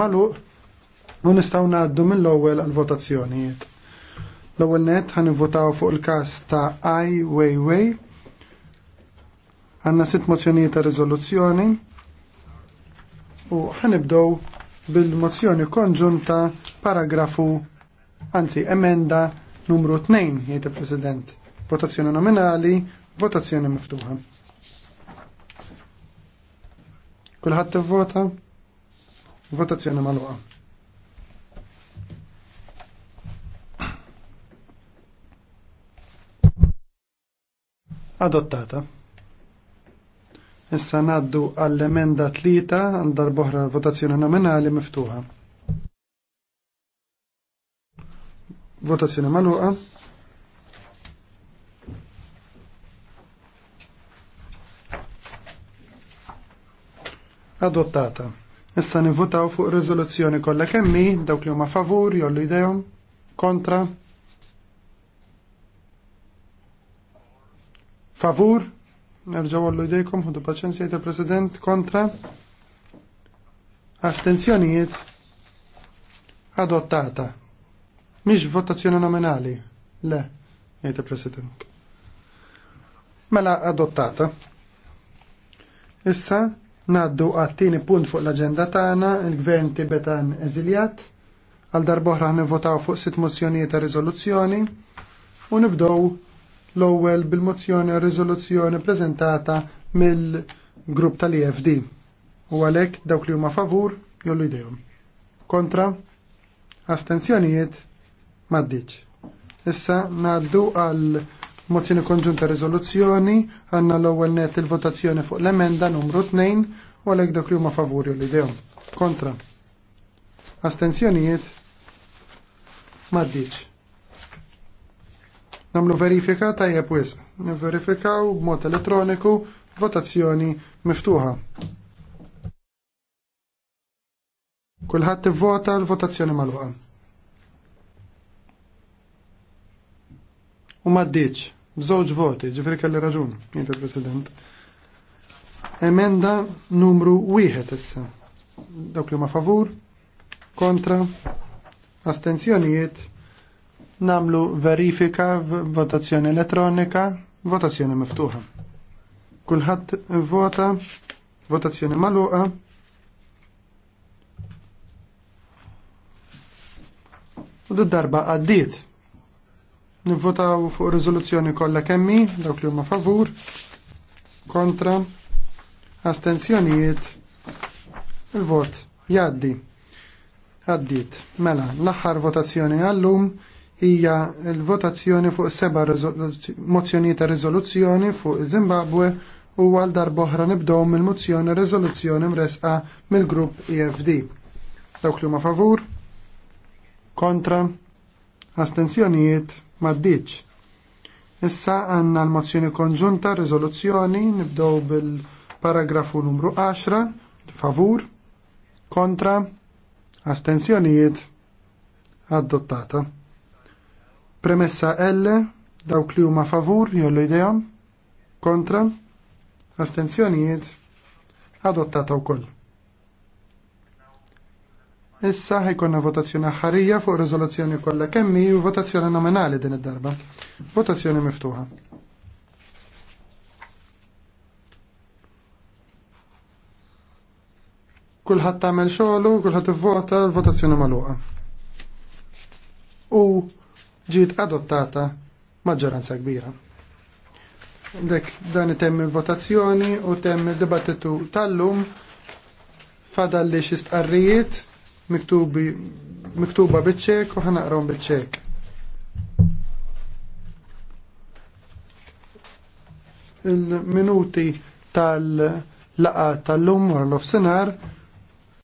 Malu, u nistaw naddu mill-ewwel għal-votazzjonijiet. L-ewwel net għan votaw fuq il-każ ta' Ai Weiwei. Għandna sitt mozzjonijiet ta' riżoluzzjoni u ħanibdew bil-mozzjoni konġunta paragrafu anzi emenda numru 2 jgħid il-President. Votazzjoni nominali, votazzjoni miftuħa. Kulħadd ivvota? vota Votazzjoni maluqa. Adottata. Issa naddu għall-emenda tlita għal darboħra votazzjoni nominali miftuħa. Votazzjoni maluqa. Adottata. Issa nivvutaw fuq rezoluzzjoni kollha kemmi dawk li huma favur jollu idejhom kontra favur nerġgħu għallu idejkom ħudu paċenzja il-President kontra astenzjonijiet adottata. Mhix votazzjoni nominali. Le, jgħid president Mela adottata. Issa Naddu għattini punt fuq l-agenda tagħna il-Gvern Tibetan eżiljat għal darboħra nivvotaw fuq sitt mozzjonijiet ta' riżoluzzjoni u nibdow l-ewwel bil-mozzjoni riżoluzzjoni preżentata mill-grupp tal-EFD. U għalhekk dawk li huma favur jollu jdejhom. Kontra astenzjonijiet maddiċ. Issa naddu għal Mozzjoni konġunta riżoluzzjoni għandna l-ewwel net il-votazzjoni fuq l-emenda numru 2 u għalhekk dak li huma favuri l ideo Kontra. Astenzjonijiet m'għaddiċ. Namlu verifika tajjeb wisq. Verifikaw b'mod elettroniku votazzjoni miftuħa. Kulħadd ivvota l-votazzjoni magħluqa. U m'għaddiċ. Bżoġ voti, ġifri kelli raġun, jinti president. Emenda numru wieħed issa. Dawk li ma favur, kontra, astenzjonijiet, namlu verifika, votazzjoni elettronika, votazzjoni miftuħa. Kulħadd vota, votazzjoni maluqa. U d-darba għaddit. Nivvotaw fuq riżoluzzjoni kollha kemmi, dawk li huma favur, kontra, astensjonijiet, il-vot jaddi. Għaddit, mela, l-aħħar votazzjoni għallum hija l-votazzjoni fuq seba mozzjoni ta' riżoluzzjoni fuq Zimbabwe u għal darboħra nibdow mill-mozzjoni riżoluzzjoni mresqa mill-grupp EFD. Dawk li huma favur, kontra, astenzjonijiet maddiċ. Issa għanna l-mozzjoni konġunta, rezoluzzjoni, nibdow bil-paragrafu numru 10, favur, kontra, astensjonijiet, adottata. Premessa L, dawk li huma favur, jollu idea, kontra, astensjonijiet, adottata wkoll. Issa ħajkonna votazzjoni ħarija fuq riżoluzzjoni kollha kemmi u votazzjoni nominali din id-darba. Votazzjoni miftuħa. Kulħadd tagħmel xogħlu, kulħadd ivvota l-votazzjoni magħluqa. U ġiet adottata maġġoranza kbira. Dek dan itemm il-votazzjoni u temm il-dibattitu tal-lum fadalli xi stqarrijiet miktubi miktuba bitċek u ħanaqrom bitċek. Il-minuti tal-laqa tal-lum u l-ofsenar